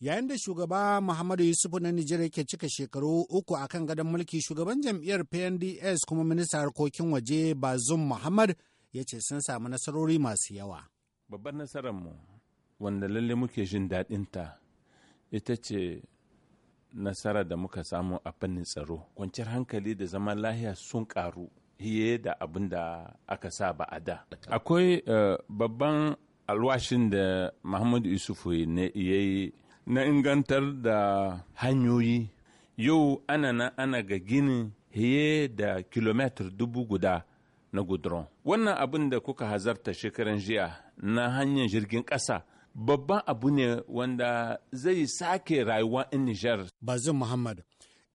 yayin da shugaba muhammadu yusufu na nijar yake cika shekaru uku a kan gadon mulki shugaban jam'iyyar pnds kuma minista harkokin waje bazum muhammad ya ce sun samu nasarori masu yawa babban nasararmu wanda lalle muke jin ta ita ce nasara da muka samu a fannin tsaro kwanciyar hankali da zaman lahiya sun ƙaru hiye da abin da aka sa ba a da akwai eh, babban alwashin da muhammadu yusufu ya yi na ingantar da hanyoyi yau ana na ana ga ginin hiye da kilometer dubu guda na gudron wannan abin da kuka hazarta shekaran jiya na hanyar jirgin ƙasa babban abu ne wanda zai sake rayuwa in nijar bazin muhammad